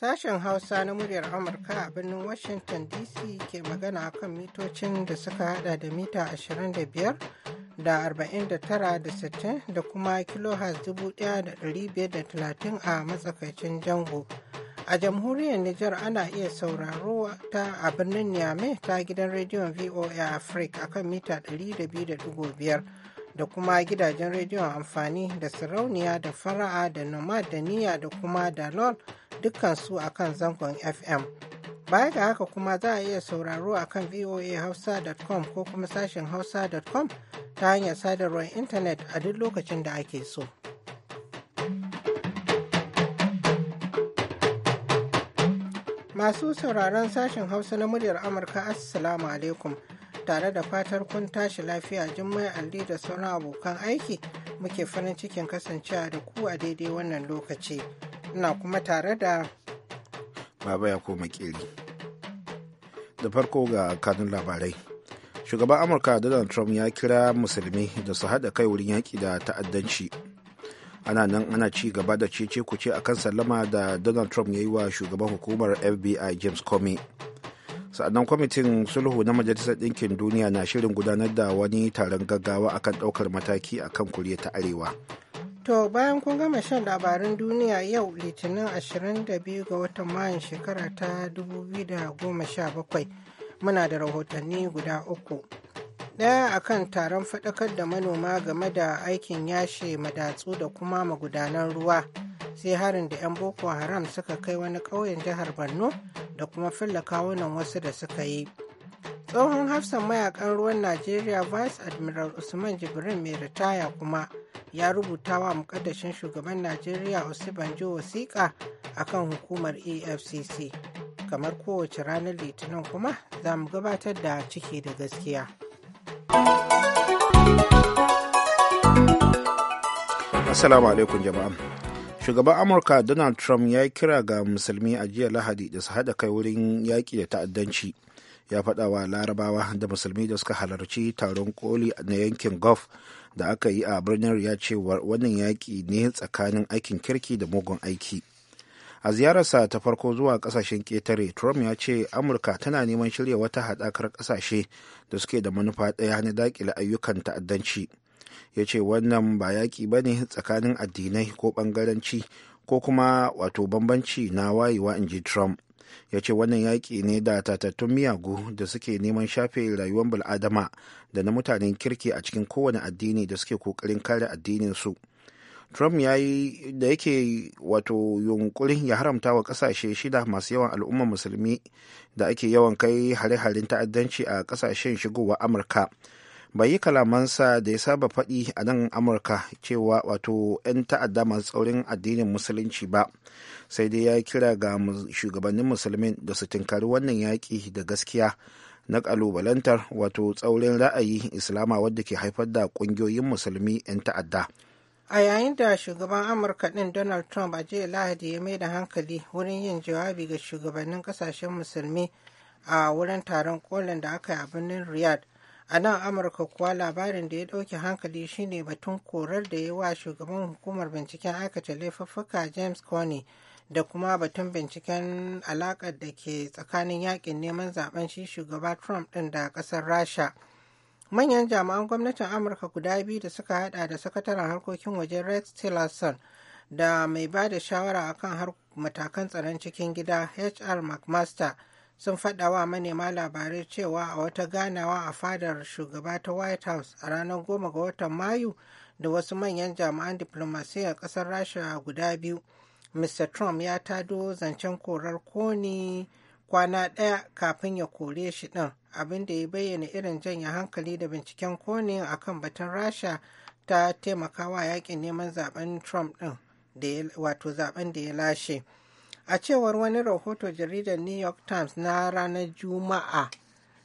Sashen Hausa na muryar Amurka a birnin Washington DC ke magana kan mitocin da suka hada da mita 25 da 49 da 60 da kuma kilohaz 1530 a matsakaicin jango. A jamhuriyar Nijar ana iya sauraro ta a birnin Niamey ta gidan rediyon VOA Africa akan mita 200.5 da kuma gidajen rediyon amfani da sarauniya da fara'a da nomad da niyya da kuma dalol dukkansu a kan zangon fm baya ga haka kuma za a iya sauraro a kan voahausa.com ko kuma sashen hausa.com ta hanyar sadarwar intanet a duk lokacin da ake so. Masu sauraron sashen Hausa na muryar Amurka Assalamu alaikum tare da fatar kun tashi lafiya Jummai Alli da sauran abokan aiki muke farin cikin kasancewa da ku a daidai wannan lokaci. Ina kuma tare da Baba ya koma Da farko ga kanun labarai. Shugaban Amurka Donald Trump ya kira musulmi da su haɗa kai wurin yaƙi da ta'addanci. ana nan ana ci gaba da cece kuce kan sallama da donald trump ya yi wa shugaban hukumar fbi james comey sa'annan kwamitin sulhu na majalisar ɗinkin duniya na shirin gudanar da wani taron gaggawa akan ɗaukar mataki akan kuriya ta arewa to bayan kun gama shan labarin duniya yau litinin 22 ga watan mayan shekara ta 2017 muna da rahotanni guda uku ɗaya akan taron faɗakar da manoma game da aikin yashe madatsu da kuma magudanan ruwa sai harin da 'yan boko haram suka kai wani ƙauyen jihar borno da kuma filla kawunan wasu da suka yi tsohon hafsan mayakan ruwan najeriya vice admiral usman jibrin mai ritaya kuma ya rubuta wa mukaddashin shugaban najeriya osibanjo wasiƙa a kan hukumar efcc kamar kowace ranar litinin kuma za mu gabatar da ciki da gaskiya Assalamu alaikum jama'a. Shugaban Amurka Donald Trump ya kira ga musulmi a jiya Lahadi da su haɗa kai wurin yaƙi da ta'addanci. Ya faɗa wa larabawa da musulmi da suka halarci taron koli na yankin Gulf da aka yi a birnin ya ce wannan yaƙi ne tsakanin aikin kirki da mugun aiki. a ziyararsa ta farko zuwa kasashen ƙetare trump ya ce amurka tana neman shirya wata haɗakar ƙasashe da suke da manufa ɗaya na daƙile ayyukan ta'addanci ya ce wannan ba yaƙi ba ne tsakanin addinai ko ɓangaranci ko kuma wato bambanci na wayewa in ji trump ya ce wannan yaƙi ne da tatattun miyagu da suke neman shafe rayuwar bil'adama da na mutanen kirki a cikin kowane addini da suke ƙoƙarin kare addinin su trump ya yi da yake wato yunkurin ya haramta wa kasashe shida masu yawan al'umma musulmi da ake yawan kai hare-haren ta'addanci a kasashen shigowa amurka bai yi kalamansa da ya saba faɗi a nan amurka cewa wato 'yan ta'adda masu tsaurin addinin musulunci ba sai dai ya kira ga shugabannin musulmin da su tinkari wannan yaƙi da gaskiya na kalubalantar wato tsaurin ra'ayi islama wadda ke haifar da ƙungiyoyin musulmi 'yan ta'adda a yayin da shugaban amurka ɗin donald trump a jiya lahadi ya mai da hankali wurin yin jawabi ga shugabannin ƙasashen musulmi a wurin taron kolin da aka yi a birnin riyadh a nan amurka kuwa labarin da ya ɗauke hankali shine batun korar da ya wa shugaban hukumar binciken aikata laifuffuka james coney da kuma batun binciken alakar da ke tsakanin yakin neman zaben shi shugaba trump ɗin da ƙasar rasha manyan jami'an gwamnatin amurka guda biyu da suka hada da sakataren harkokin waje rex tillerson da mai ba da shawara a akan matakan tsaron cikin gida hr mcmaster sun faɗawa manema labarai cewa a wata ganawa a fadar shugaba ta white house a ranar goma ga watan mayu da wasu manyan jami'an diplomasiyyar ƙasar rasha guda biyu mr trump ya tado zancen korar koni kwana ɗaya kafin ya kore shi ɗin abin da ya bayyana irin janya hankali da binciken a akan batun rasha ta taimakawa yakin neman zaben trump din wato zaben da ya lashe a cewar wani rahoto jaridar new york times na ranar juma'a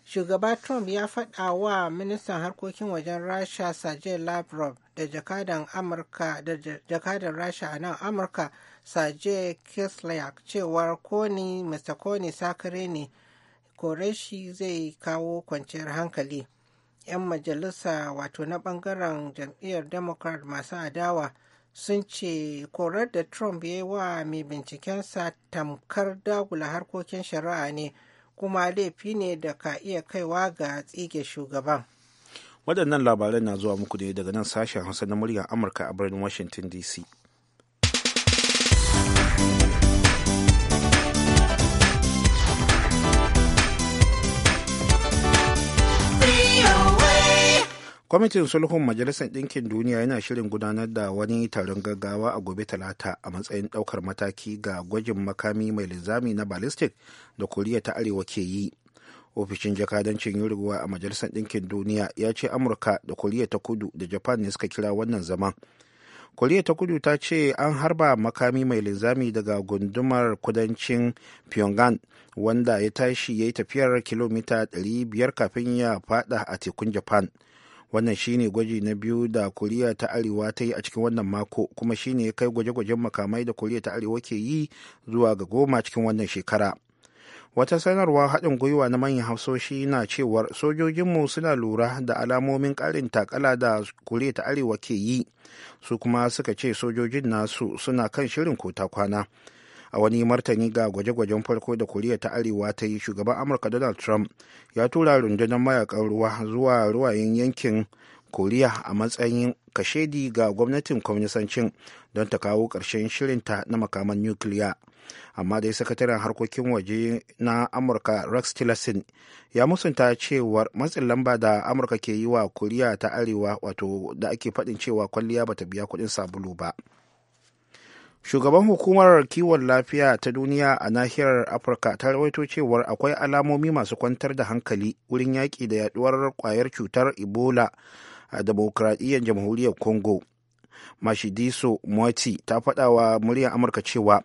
shugaba trump ya faɗa wa ministan harkokin wajen rasha sergei lavrov da jakadar rasha a nan amurka sergei kislyak cewar koni mr koni sakare ne koreshi zai kawo kwanciyar hankali 'yan majalisa wato na bangaren jam'iyyar democrat masu adawa sun ce korar da trump ya yi wa mai bincikensa tamkar dagula harkokin shari'a ne kuma laifi ne da ka iya kaiwa ga tsige shugaban waɗannan labarai na zuwa muku ne daga nan sashen hausa na muryar amurka a birnin washington dc kwamitin sulhun majalisar ɗinkin duniya yana shirin gudanar da wani taron gaggawa a gobe talata a matsayin ɗaukar mataki ga gwajin makami mai linzami na ballistic da koriya ta arewa ke yi ofishin jakadancin yurguwa a majalisar ɗinkin duniya ya ce amurka da koriya ta kudu da japan ne suka kira wannan zaman koriya ta kudu ta ce an harba makami mai linzami daga gundumar kudancin pyongyang wanda ya tashi ya yi tafiyar kilomita 500 kafin ya fada a tekun japan wannan shine gwaji na biyu da koriya ta arewa ta yi a cikin wannan mako kuma shine kai gwaje-gwajen makamai da koriya ta arewa ke yi zuwa ga goma cikin wannan shekara wata sanarwa haɗin gwiwa na manyan hafsoshi na cewar sojojinmu suna lura da alamomin ƙarin takala da koriya ta arewa ke yi su kuma suka ce sojojin nasu suna kan shirin kota kwana a wani martani ga gwaje-gwajen farko da koriya ta arewa ta yi shugaban amurka donald trump ya tura rundunar mayakan ruwa zuwa ruwayen yankin koriya a matsayin kashedi ga gwamnatin kwamnisancin don ta kawo ƙarshen shirinta na makaman nukiliya amma dai sakataren harkokin waje na amurka rex tillerson ya musunta cewar matsin lamba da amurka ke yi wa koriya ta arewa wato da ake faɗin cewa kwalliya bata biya kuɗin sabulu ba shugaban hukumar kiwon lafiya ta duniya a nahiyar afirka ta rawaito cewar akwai alamomi masu kwantar da hankali wurin yaƙi da yaduwar kwayar cutar ebola a demokradiyyar jamhuriyar congo mashidiso moiti ta faɗa wa muryar amurka cewa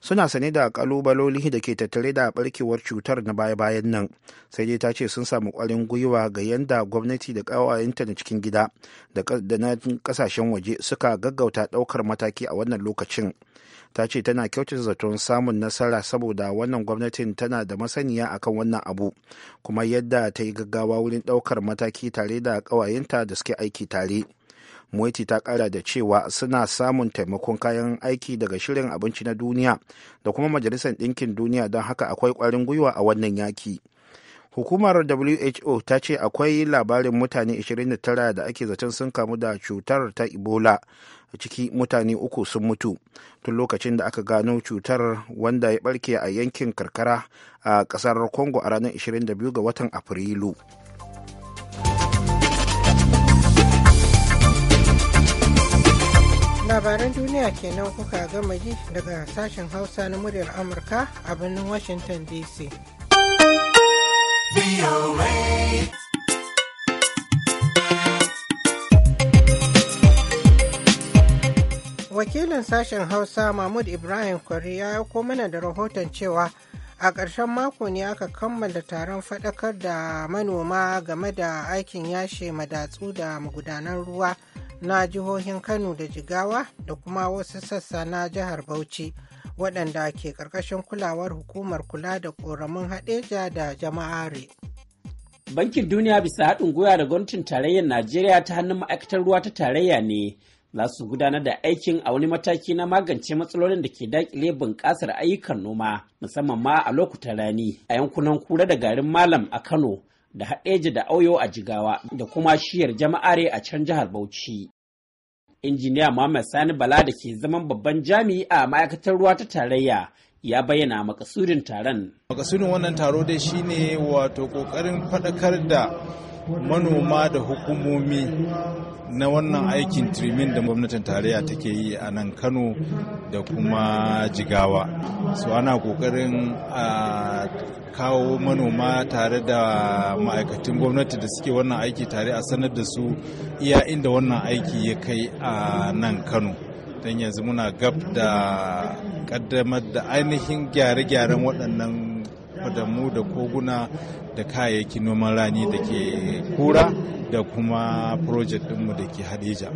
suna sane da kalubaloli da ke tattare da barkewar cutar na baya-bayan nan sai dai ta ce sun samu kwarin gwiwa ga yadda gwamnati da kawayenta na cikin gida da na kasashen waje suka gaggauta daukar mataki a wannan lokacin ta ce tana kyautar zaton samun nasara saboda wannan gwamnatin tana da masaniya akan wannan abu kuma yadda ta yi gaggawa wurin daukar mataki tare da kawayenta da suke aiki tare moiti ta kara da cewa suna samun taimakon kayan aiki daga shirin abinci na duniya da kuma majalisar ɗinkin duniya don haka akwai ƙwarin gwiwa a wannan yaki hukumar who ta ce akwai labarin mutane 29 da ake zaton sun kamu da cutar ta ebola ciki mutane uku sun mutu tun lokacin da aka gano cutar wanda ya barke a yankin karkara a kasar congo a ranar 22 ga watan afrilu labaran duniya kenan kuka gama ji daga sashen hausa na muryar amurka a birnin washington dc wakilin sashen hausa mahmud ibrahim kwari ya yi mana da rahoton cewa a ƙarshen mako ne aka kammala taron faɗakar da manoma game da aikin yashe madatsu da magudanan ruwa na jihohin Kano da Jigawa da kuma wasu sassa na jihar Bauchi waɗanda ke ƙarƙashin kulawar hukumar kula da ƙoramin haɗeja da jama'are. Bankin Duniya bisa haɗin gwiwa da gwamnatin tarayyar Najeriya ta hannun ma'aikatar ruwa ta tarayya ne za su gudanar da aikin a wani mataki na magance matsalolin da ke daƙile bunƙasar ayyukan noma musamman ma a lokutan rani a yankunan kura da garin Malam a Kano da haɗeja da auyo a jigawa da kuma shiyar jama'are a can jihar Bauchi. Injiniya Muhammad Sani Bala da ke zaman babban jami'i a ma'aikatar ruwa ta tarayya ya bayyana makasudin taron. Makasudin wannan taro dai shine wato ƙoƙarin faɗakar da manoma da hukumomi na wannan aikin trimin da gwamnatin tarayya take yi a nan kano da kuma jigawa su ana kokarin a kawo manoma tare da ma'aikatan gwamnati da suke wannan aiki tare a sanar da su iya inda wannan aiki ya kai a nan kano don yanzu muna gab da kaddamar da ainihin gyare-gyaren waɗannan fadamu da koguna da kayayyakin noman rani da ke kura da kuma project ɗinmu da ke hadeja.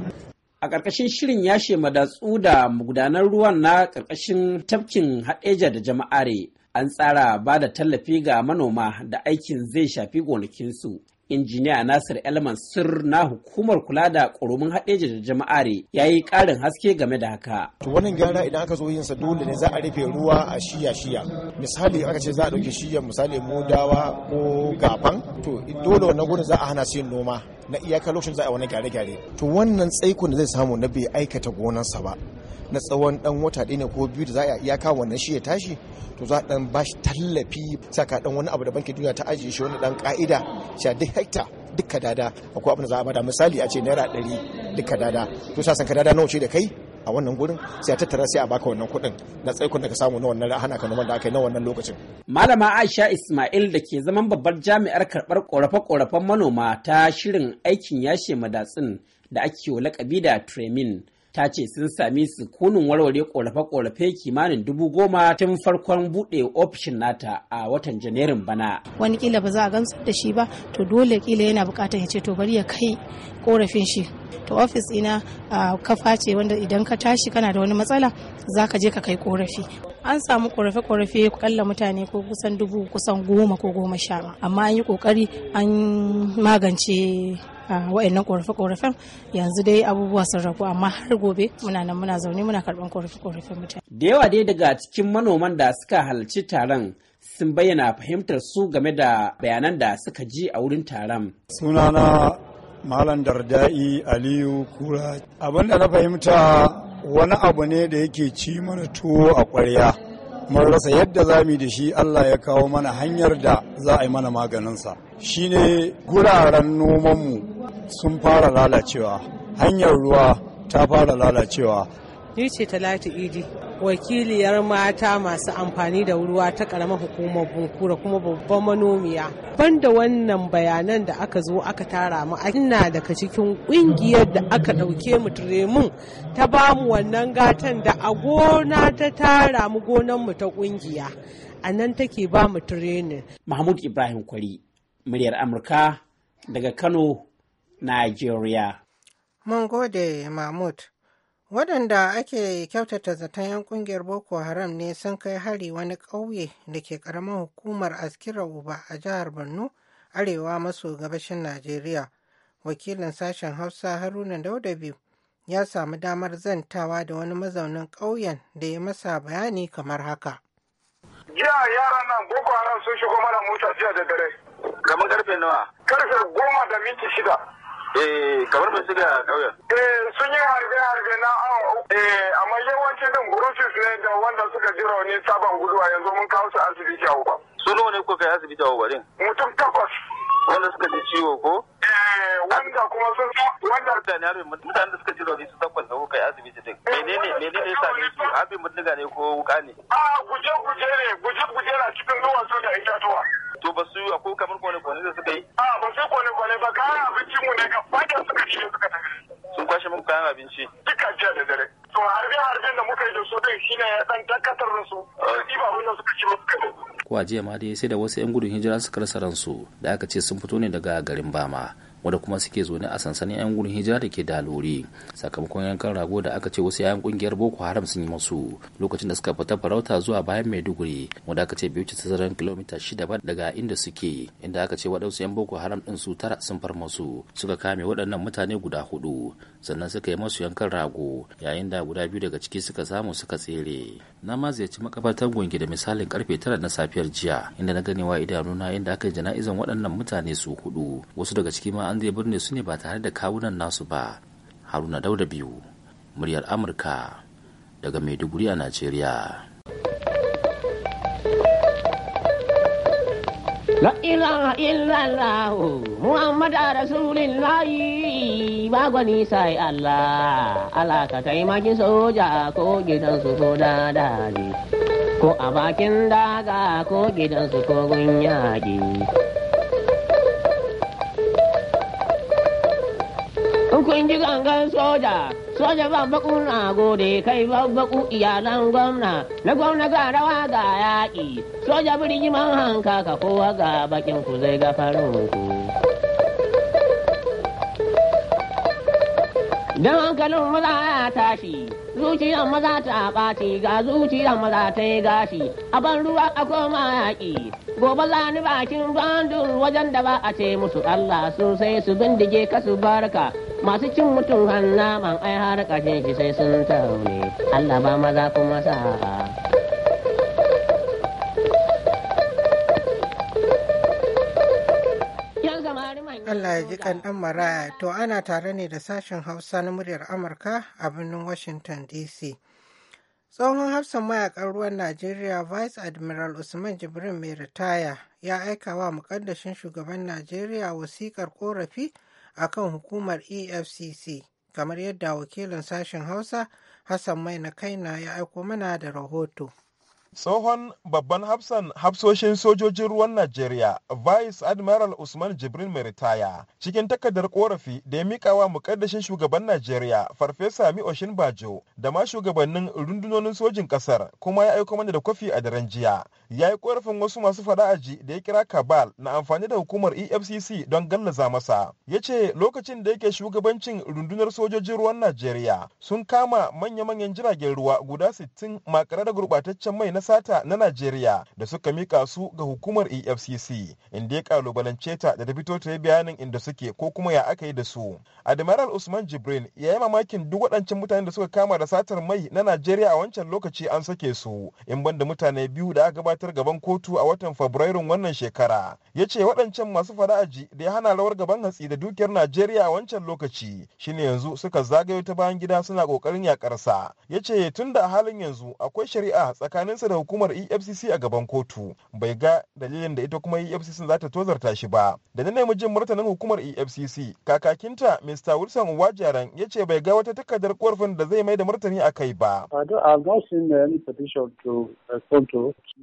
A ƙarƙashin shirin yashe madatsu da magudanar ruwan na ƙarƙashin tafkin hadeja da jama'are an tsara ba da tallafi ga manoma da aikin zai shafi gonakinsu injiniya nasir elman sir na hukumar kula da ƙoromin haɗeji da jama'are ya yi ƙarin haske game da haka to wannan gyara idan aka zo yin sa dole ne za a rufe ruwa a shiya shiya misali aka ce za a ɗauki shiya misali dawa ko gaban to dole wannan gurin za a hana su yin noma na iyaka lokacin za a wani gyare-gyare to wannan tsaikon da zai samu na bai aikata gonarsa ba na tsawon dan wata ɗaya ne ko biyu da za a iyaka wannan shi ya tashi to za a dan bashi tallafi saka dan wani abu da banki duniya ta ajiye shi wani dan ka'ida sha duk hekta dukka dada akwai abin da za a bada misali a ce naira ɗari dukka dada to sa san ka dada nawa ce da kai a wannan gurin sai a tattara sai a baka wannan kuɗin na tsaikon da ka samu na wannan hana ka noman da aka yi na wannan lokacin. Malama Aisha Ismail da ke zaman babbar jami'ar karɓar ƙorafe-ƙorafen manoma ta shirin aikin yashe madatsin da ake lakabi da Tremin ta ce sun sami sukunin warware korafe-korafe kimanin dubu goma tun farkon buɗe ofishin nata a watan janairun bana. Wani kila ba za a gamsar da shi ba to dole kila yana buƙatar ya ce to bari ya kai korafin shi to ofis ina kafa ce wanda idan ka tashi kana da wani matsala za ka je ka kai korafi an samu korafe-korafe kalla mutane ko kusan dubu kusan goma ko goma sha amma an yi ƙoƙari an magance wa'annan korafe-korafen yanzu dai abubuwa sun ragu amma har gobe muna nan muna zaune muna karban korafe-korafen mutane. Da yawa dai daga cikin manoman da suka halarci taron sun bayyana fahimtar su game da bayanan da suka ji a wurin taron. Sunana Malam Dardai Aliyu Kura. Abin da na fahimta wani abu ne da yake ci mana tuwo a ƙwarya. mun rasa yadda za mu da shi Allah ya kawo mana hanyar da za a yi mana maganinsa shine guraren nomanmu sun fara lalacewa hanyar ruwa ta fara lalacewa Ni ce Talatu Idi, wakiliyar mata masu amfani da ruwa ta karamar hukumar Bunkura kuma babban manomiya. Banda wannan bayanan da aka zo aka tara mu ina daga cikin kungiyar da aka ɗauke mu turemun ta ba mu wannan gatan da a gona ta tara mu gonan mu ta kungiya. A nan take ba mu tirenin. Mahmud Ibrahim Kwari, muryar Amurka daga Kano, Nigeria. Mun gode Mahmud. waɗanda ake kyautata zaton 'yan ƙungiyar boko haram ne sun kai hari wani ƙauye da ke ƙaramin hukumar askira uba a jihar borno arewa maso gabashin najeriya wakilin sashen hausa haruna daudabi ya samu damar zantawa da wani mazaunin ƙauyen da ya masa bayani kamar haka jiya yara nan boko haram sun shigo mana mota jiya da dare kamar karfe nawa karfe goma da minti shida Eh, kamar mun shiga ƙauyen. Eh, sun yi harbe-harbe na awa Eh, amma yawanci din burushes ne da wanda suka ji rauni sabon guduwa yanzu mun kawo su asibiti a uba. Su nawa ne kuka kai asibiti a uba din? Mutum takwas. Wanda suka ji ciwo ko? Eh, wanda kuma sun wanda mutane harbin mutanen da suka ji rauni su takwas da kuka kai asibiti din. Eh, menene menene ya same su? Harbin bindiga ne ko wuka ne? Ah, guje-guje ne ko a jiya ma dai sai da wasu 'yan gudun hijira suka rasa ransu da aka ce sun fito ne daga garin bama wanda kuma suke zaune a sansanin 'yan gudun hijira da ke dalori sakamakon yankan rago da aka ce wasu 'ya'yan kungiyar boko haram sun yi masu lokacin da suka fita farauta zuwa bayan maiduguri wanda aka ce bai tazaran kilomita shida ba daga inda suke inda aka ce waɗansu 'yan boko haram ɗin su tara sun far masu suka kame waɗannan mutane guda hudu sannan suka yi masu yankan rago yayin da guda biyu daga ciki suka samu suka tsere na ma ziyarci makabartar gungi da misalin karfe tara na safiyar jiya inda na ganewa idanuna inda aka yi jana'izan waɗannan mutane su hudu wasu daga ciki ma an zai birne su ne ba tare da kawunan nasu ba haruna dauda biyu muryar amurka daga maiduguri a najeriya La ilaha illallah Muhammad Rasulullah ba gwani sai Allah Allah ka taimaki soja ko gidan su ko ko a bakin daga ko gidan su ko gun yaƙi. kun ji gangan soja soja ba baku na gode kai ban baku iyalan gwamna na gwamna ga rawa ga yaƙi soja birni man hanka ka kowa ga bakin ku zai ga ku Dan hankalin maza ya tashi zuciyar maza ta ɓaci ga zuciyar maza ta yi gashi a ban ruwa a koma yaƙi gobe za ni bakin bandun wajen da ba a ce musu Allah sosai su bindige ka su barka masu cin mutum hanna man ai har ƙarshen shi sai sun taune Allah ba maza kuma sa. Allah ya ji kan maraya to ana tare ne da sashen Hausa na muryar Amurka a birnin Washington DC. Tsohon hafsan mayakan ruwan Najeriya Vice Admiral Usman Jibrin mai ritaya ya aika wa mukaddashin shugaban Najeriya wasikar korafi akan hukumar efcc kamar yadda wakilin sashen hausa hassan mai na kaina ya aiko mana da rahoto Tsohon babban hafsan hafsoshin sojojin ruwan Najeriya, Vice Admiral Usman jibril mai ritaya, cikin takardar korafi da ya mika wa mukaddashin shugaban Najeriya, Farfesa Mi Oshin Bajo, da ma shugabannin rundunonin sojin ƙasar kuma ya aiko mana da kwafi a daren jiya. Ya yi korafin wasu masu fada'aji da ya kira Kabal na amfani da hukumar EFCC don gallaza masa. Ya ce lokacin da yake shugabancin rundunar sojojin ruwan Najeriya sun kama manya-manyan jiragen ruwa guda 60 makare da gurɓataccen mai na sata na Najeriya da suka mika su ga hukumar EFCC inda ya kalubalance ta da fito ta yi bayanin inda suke ko kuma ya aka yi da su. Admiral Usman Jibrin ya yi mamakin duk waɗancan mutanen da suka kama da satar mai na Najeriya a wancan lokaci an sake su in banda mutane biyu da aka gabatar gaban kotu a watan Fabrairun wannan shekara. Ya ce waɗancan masu fara'aji da ya hana rawar gaban hatsi da dukiyar Najeriya a wancan lokaci shine yanzu suka zagayo ta bayan gida suna ƙoƙarin yaƙarsa Ya ce tun da halin yanzu akwai shari'a tsakaninsa da hukumar efcc a gaban kotu bai ga dalilin da ita kuma efcc za ta tozarta shi ba da na nemi jin martanin hukumar efcc kakakinta mr wilson wajaran ya ce bai ga wata takardar korafin da zai mai da martani a kai ba uh,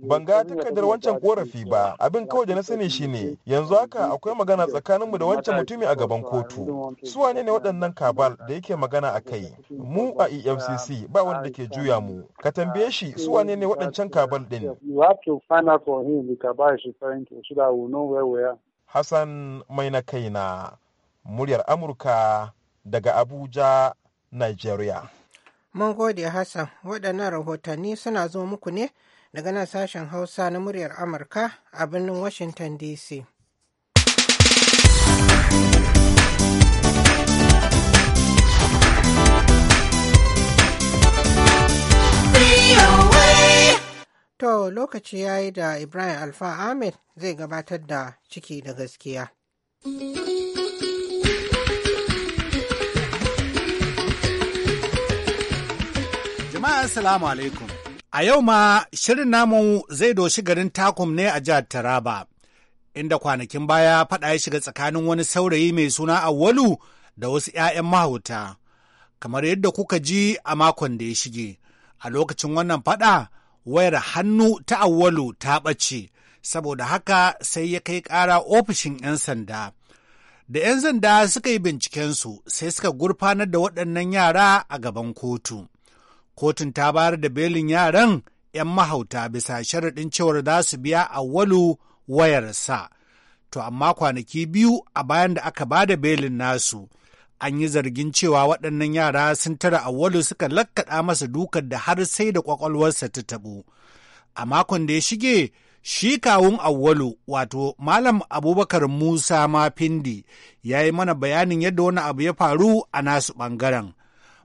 ban ga takardar wancan korafi ba abin kawai da na sani shine yanzu haka akwai magana tsakaninmu da wancan mutumi a gaban kotu su wane ne waɗannan kabal da yake magana a kai mu a efcc ba wanda ke juya mu ka tambaye shi su wane ne waɗancan can Kabul din. Hassan mai na kai na muryar Amurka daga Abuja, Nigeria. Mun gode Hassan, waɗannan rahotanni suna zo muku ne daga nan sashen Hausa na muryar Amurka a birnin Washington DC. away. To lokaci ya yi da Ibrahim Alfa Ahmed zai gabatar da ciki da gaskiya. Jama'a Assalamu alaikum. A yau ma shirin namu zai doshi garin takum ne a jihar Taraba, inda kwanakin baya faɗa ya shiga tsakanin wani saurayi mai suna Awwalu da wasu ‘ya'yan mahauta, kamar yadda kuka ji a makon da ya shige. A lokacin wannan faɗa wayar hannu ta awwalu ta ɓace, saboda haka sai ya kai ƙara ofishin 'yan sanda. Da 'yan sanda suka yi bincikensu sai suka gurfanar da waɗannan yara a gaban kotu. Kotun ta bayar da belin yaran 'yan mahauta bisa sharaɗin cewar za su biya awwalu wayarsa. To amma kwanaki biyu a bayan da aka ba da belin nasu an yi zargin cewa waɗannan yara sun tara awwalu suka lakkaɗa masa dukar da har sai da ƙwaƙwalwarsa ta taɓo. A makon da ya shige, shi kawun awwalu wato Malam Abubakar Musa Mafindi ya yi mana bayanin yadda wani abu ya faru a nasu ɓangaren.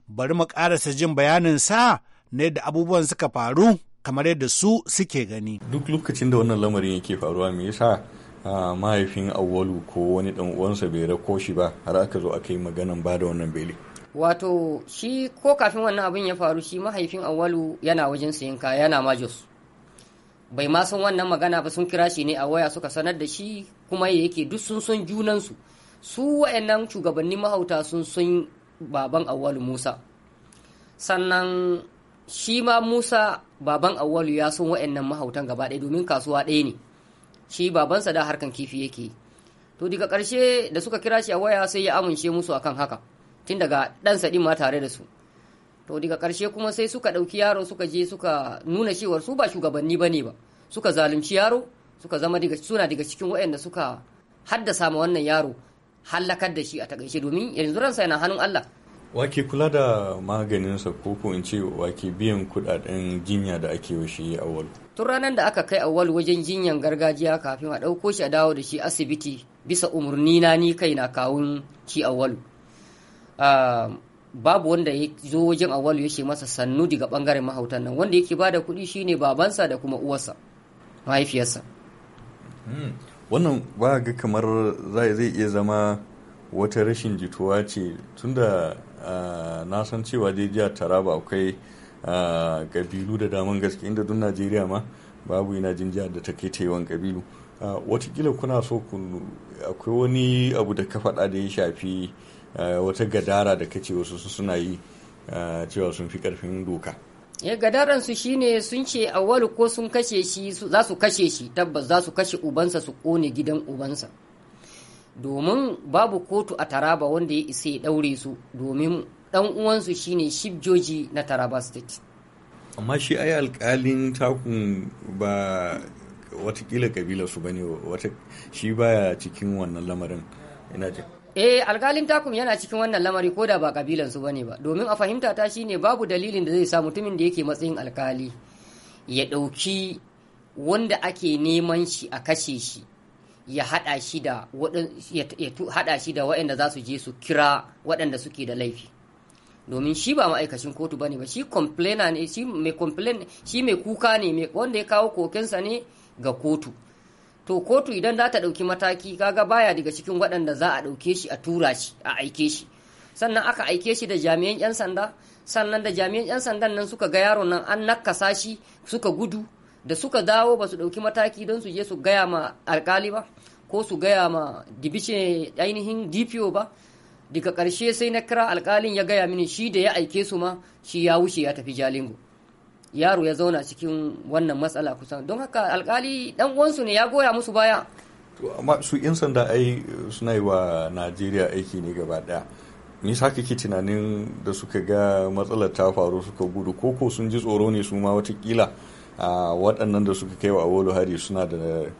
Bari mu ƙarasa jin bayanin sa na yadda abubuwan suka faru kamar yadda su suke gani. Duk lokacin da wannan lamarin yake faruwa me yasa mahaifin Awalu ko wani dan uwansa bai rako shi ba har aka zo aka yi maganan ba da wannan beli wato shi ko kafin wannan abin ya faru shi mahaifin awwalu yana wajen sayan kaya yana majos bai ma san wannan magana ba sun kira shi ne a waya suka sanar da shi kuma yake duk sun san junansu su wayannan shugabannin mahauta sun san baban awwalu musa sannan shi ma musa baban awwalu ya san wayannan mahautan gaba ɗaya domin kasuwa ɗaya ne shi babansa da harkan kifi yake to daga ƙarshe da suka kira shi a waya sai ya amince musu akan haka tun daga ɗansa ɗin ma tare da su to daga ƙarshe kuma sai suka ɗauki yaro suka je suka nuna cewar su ba shugabanni ba ne ba suka zalunci yaro suka zama daga suna daga cikin waɗanda suka haddasa ma wannan yaro hallakar da shi a takaice domin yanzu ransa yana hannun Allah wake kula da maganinsa ko ko in ce wake biyan kuɗaɗen jinya da ake wa shi a walu tun ranar da aka kai awal wajen jinyan gargajiya kafin a ɗauko shi a dawo da shi asibiti bisa umarni na ni kai na kawun ki awal ah, babu wanda ya zo wajen awal ya masa sannu daga bangaren mahautan nan wanda yake bada kuɗi shine babansa da kuma uwarsa mahaifiyarsa hmm, wannan ba ga kamar zai iya zama wata rashin jituwa ce tunda ah, na san cewa dai jiya taraba akwai kabilu da daman gaske inda duk najeriya ma babu ina jin jihar da ta kai yawan kabilu watakila kuna so ku akwai wani abu da ka faɗa da ya shafi wata gadara da kace wasu suna yi cewa sun fi karfin doka ya eh, gadaran su shine sun ce a ko sun kashe shi za su kashe shi tabbas za su kashe ubansa su kone gidan ubansa domin babu kotu a taraba wanda ya isa ya daure su domin dan uwansu shine Chief Joji na Taraba State. Amma shi ai alkalin takun ba watakila kabila su bane wata shi baya cikin wannan lamarin ina ji. Eh alkalin takum yana cikin wannan lamari ko da ba kabilan su bane ba domin a fahimta ta shine babu dalilin da zai sa mutumin da yake matsayin alkali ya ɗauki wanda ake neman shi a kashe shi ya haɗa shi da waɗanda za su je su kira waɗanda suke da laifi domin shi ba ma'aikacin kotu bane ba shi complainer ne shi mai complain shi mai kuka ne wanda ya kawo kokensa ne ga kotu to kotu idan za ta dauki mataki kaga baya daga cikin waɗanda za a dauke shi a tura shi a aike shi sannan aka aike shi da jami'an 'yan sanda sannan da jami'an 'yan sandan nan suka ga yaron nan an nakasa shi suka gudu da suka dawo ba su dauki mataki don su je su gaya ma alkali ba ko su gaya ma dibishin ainihin dpo ba daga ƙarshe sai na kira alƙalin ya gaya mini shi da ya aike su ma shi ya wuce ya tafi jalingo yaro ya zauna cikin wannan matsala kusan don haka alkali dan uwansu ne ya goya musu baya amma su yan sanda ai suna yi wa najeriya aiki ne gaba daya ni sa kake tunanin da suka ga matsalar ta faru suka gudu ko ko sun ji tsoro ne su ma watakila a waɗannan da suka kai wa awolu hari suna da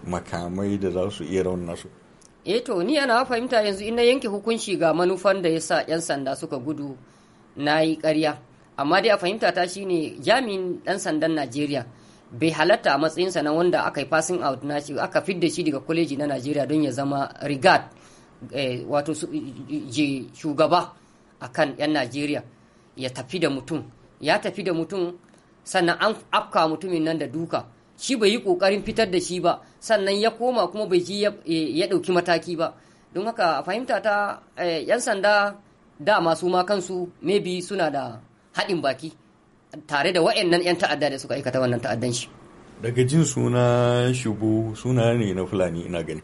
makamai da za su iya raunana su eh to ni ana fahimta yanzu in na yanke hukunci ga manufan da ya sa yan sanda suka gudu na yi ƙarya amma dai a fahimta ta shine jami'in dan sandan najeriya bai halatta a matsayinsa na wanda aka yi passing out na shi aka fidda shi daga kwaleji na najeriya don ya zama regard eh, wato shugaba a kan 'yan najeriya ya tafi da mutum ya tafi da mutum sannan an afka mutumin nan da duka shi bai yi kokarin fitar da shi ba sannan ya koma kuma bai ji ya ɗauki mataki ba don haka a fahimta ta eh, yan sanda dama su ma kansu maybe suna da haɗin baki tare da wa'annan 'yan ta'adda da suka aikata wannan ta'addan shi daga jin suna shugu suna ne na fulani ina gani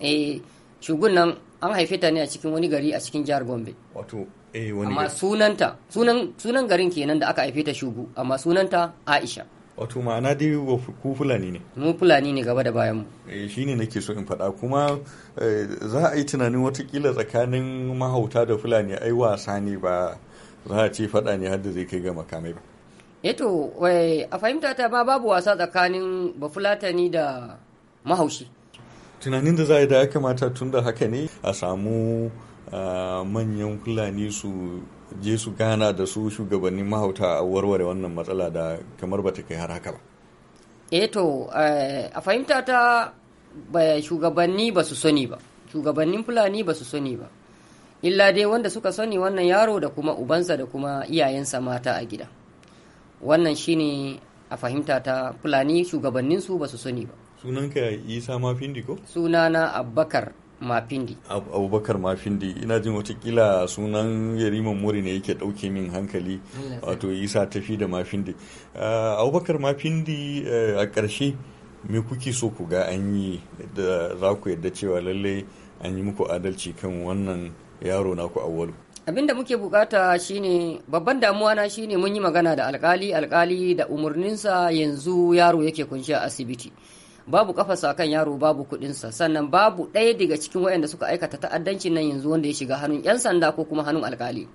eh shugun nan an haife ta ne a cikin wani gari a cikin jihar gombe wato eh wani amma sunanta sunan sunan garin kenan da aka haife ta shugu amma sunanta aisha wato ma'ana dai ku fulani ne mu fulani ne gaba da bayan mu eh shine nake so in faɗa kuma eh, za a yi tunanin watakila tsakanin mahauta da fulani ai wasa ne ba za a ce faɗa ne har da zai kai ga makamai ba eto eh eh, a fahimta ta ma babu wasa tsakanin bafulatani da mahaushi tunanin da za a yi da ya kamata tun da haka ne a samu manyan fulani su je su gana da su shugabannin mahauta a warware wannan matsala da kamar bata kai har haka ba E, to a fahimta ta shugabanni ba su sani ba shugabannin fulani ba su sani ba illa dai wanda suka sani wannan yaro da kuma ubansa da kuma iyayensa mata a gida wannan shine a fahimta ta fulani shugabanninsu ba su sani ba sunanka isa mafindi ko sunana abbakar mafindi abubakar mafindi ina jin watakila sunan yariman mori ne yake dauke min hankali wato isa tafi da mafindi abubakar mafindi eh, a ƙarshe me kuke so ku ga an yi da za ku yadda cewa lallai an yi muku adalci kan wannan yaro naku awwalu abin da muke bukata shine babban damuwa na shine mun yi magana da alkali alkali da umarninsa yanzu yaro yake kunshi a asibiti babu kafarsa akan yaro babu kudinsa sannan babu ɗaya daga cikin wayanda suka aikata ta'addanci nan yanzu wanda ya shiga hannun 'yan sanda ko kuma hannun alkali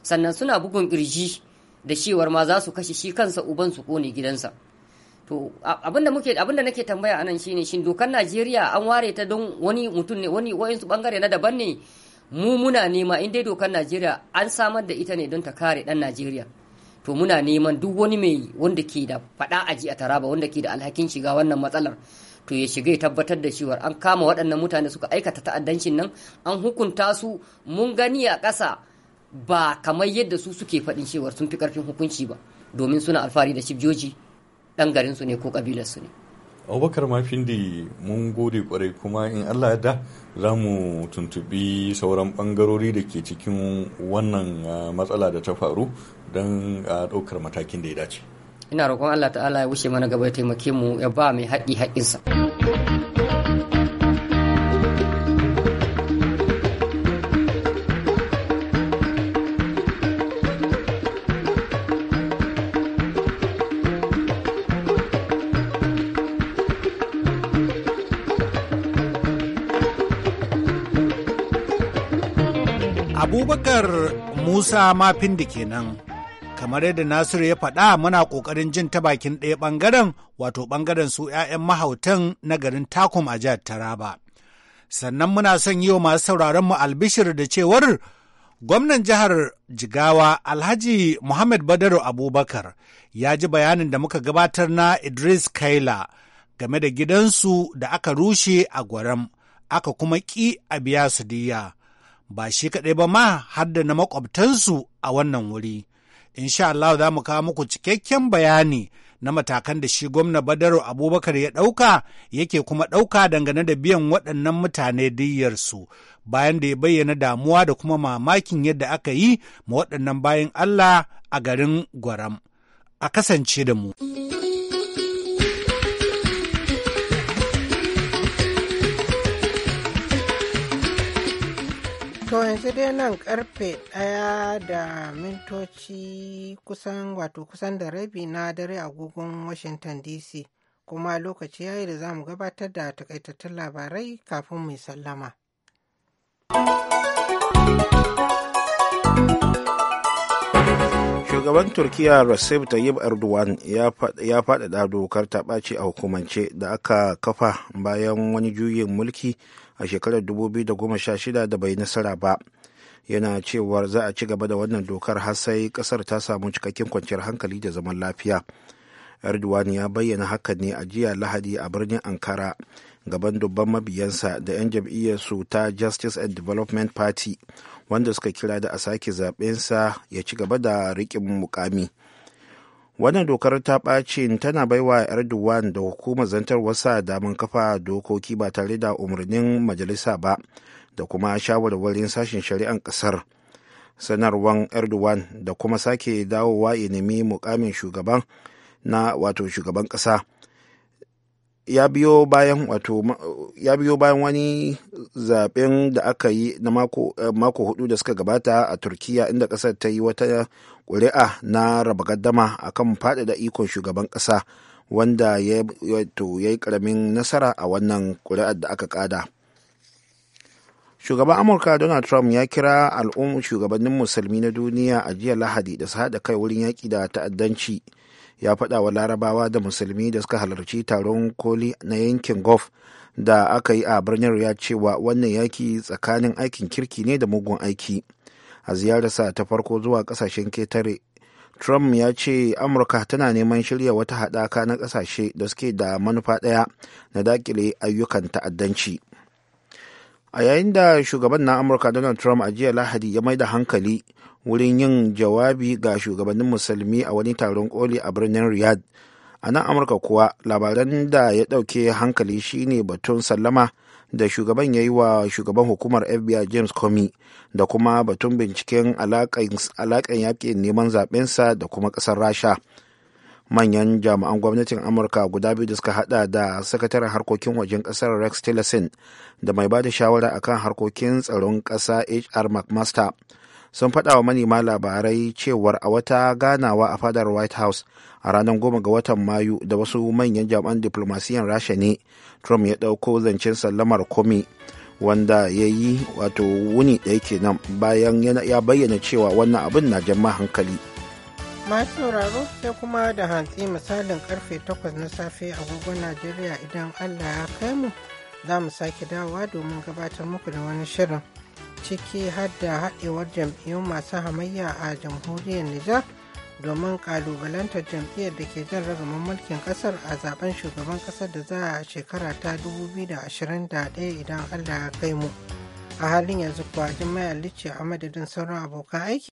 sannan suna bugun kirji da cewar ma za su kashe shi kansa uban su kone gidansa to abinda muke abinda nake tambaya anan shine shin dokar Najeriya an ware ta don wani mutum ne wani su bangare na daban ne mu muna nema in dai dokar Najeriya an samar da ita ne don ta kare dan Najeriya to muna neman duk wani mai wanda ke da faɗa ji a taraba wanda ke da alhakin shiga wannan matsalar to ya shiga ya tabbatar da cewa an kama waɗannan mutane suka aikata ta'addancin nan an hukunta su mun gani a ƙasa ba kamar yadda su suke faɗin cewar sun fi ƙarfin hukunci ba domin suna alfahari da cibiyoyi ɗan garinsu ne ko su ne abubakar mafindi mun gode kwarai kuma in allah ya da za mu tuntubi sauran bangarori da ke cikin wannan ah, matsala da ta faru don a ɗaukar matakin da ya dace ina roƙon allah ta'ala ya wuce mana gaba ya taimake mu ya ba mai haɗi haƙinsa abubakar musa mafin da kenan kamar yadda nasiru ya faɗa muna ƙoƙarin jin ta bakin ɗaya ɓangaren wato ɓangaren su 'ya'yan mahautan na garin takum a jihar taraba sannan muna son yi wa masu sauraronmu albishir da cewar gwamnan jihar jigawa alhaji muhammad badaru abubakar ya ji bayanin da muka gabatar na idris kaila game da gidansu da aka rushe a gwaram aka kuma ƙi a biya su diya ba shi kaɗai ba ma har da na makwabtansu a wannan wuri insha Allah za mu kawo muku cikakken bayani na matakan da shi gwamna Badaru Abubakar ya ɗauka yake kuma ɗauka dangane da biyan waɗannan mutane diyyarsu bayan da ya bayyana damuwa da kuma mamakin yadda aka yi ma waɗannan bayan Allah a garin Gwaram. A kasance da mu. To yanzu dai nan karfe ɗaya da mintoci kusan wato kusan da rabi na dare agogon Washington DC kuma lokaci yayi da za mu gabatar da takaitattun labarai kafin mu sallama. Shugaban turkiya Recep Tayyip Erdogan ya faɗaɗa dokar ta ɓaci a hukumance da aka kafa bayan wani juyin mulki. a shekarar 2016 da bai nasara ba yana cewar za a ci gaba da wannan dokar har sai kasar ta samu cikakken kwanciyar hankali da zaman lafiya erdogan ya bayyana haka ne a jiya lahadi a birnin ankara gaban dubban mabiyansa da 'yan su ta justice and development party wanda suka kira da a sake zaɓensa ya ci gaba da riƙin mukami. wannan dokar ta ɓacin tana baiwa erdogan da hukumar wasa damar kafa dokoki ba tare da umarnin majalisa ba da kuma shawarwarin sashen shari'an ƙasar sanarwan erdogan da kuma sake dawowa ya mukamin shugaban na wato shugaban ƙasa ya biyo bayan wani zaben da aka yi na mako, eh, hudu da suka gabata a turkiya inda kasar ta yi wata ƙuri'a na raba gaddama akan faɗaɗa ikon shugaban ƙasa wanda ya yi ƙaramin nasara a wannan ƙuri'ar da aka ƙada shugaban amurka donald trump ya kira al'ummar shugabannin musulmi na duniya a jiya lahadi da su haɗa kai wurin yaƙi da ta'addanci ya faɗa wa larabawa da musulmi da suka halarci taron koli na yankin gulf da aka yi a birnin ya cewa wannan yaki tsakanin aikin kirki ne da mugun aiki a ziyararsa ta farko zuwa kasashen ketare trump ya ce amurka tana neman shirya wata haɗaka na ƙasashe da suke da manufa ɗaya na dakile ayyukan ta'addanci a yayin da shugaban na amurka donald trump a jiya lahadi ya mai da hankali wurin yin jawabi ga shugabannin musulmi a wani taron koli a birnin riyadh a nan amurka kuwa labaran da ya ɗauke hankali shine batun sallama da shugaban ya yi wa shugaban hukumar fbi james comey da kuma batun binciken alaƙan yaƙin neman zaɓensa da kuma ƙasar rasha manyan jami'an gwamnatin amurka guda biyu da suka hada da sakataren harkokin wajen ƙasar rex tillerson da mai ba da shawara akan harkokin tsaron ƙasa hr mcmaster sun faɗa wa manema labarai cewar a wata ganawa a fadar white house a ranar goma ga watan mayu da wasu manyan jami'an diplomasiyan rasha ne trump ya ɗauko zancen sallamar komi wanda ya yi wato wuni ɗaya kenan bayan ya bayyana cewa wannan abin na jama hankali masu sauraro sai kuma da hantsi misalin karfe 8 na safe a agogon najeriya idan allah ya kai mu za mu sake dawowa domin gabatar muku da wani shirin ciki har da haɗewar jam'iyyun masu hamayya a jamhuriyar Nijar domin ƙalubalantar jam'iyyar da ke jan ragaman mulkin ƙasar a zaben shugaban ƙasar da za a shekara ta 2021 idan Allah ya kai mu. A halin yanzu kuwa Jummai a madadin sauran abokan aiki.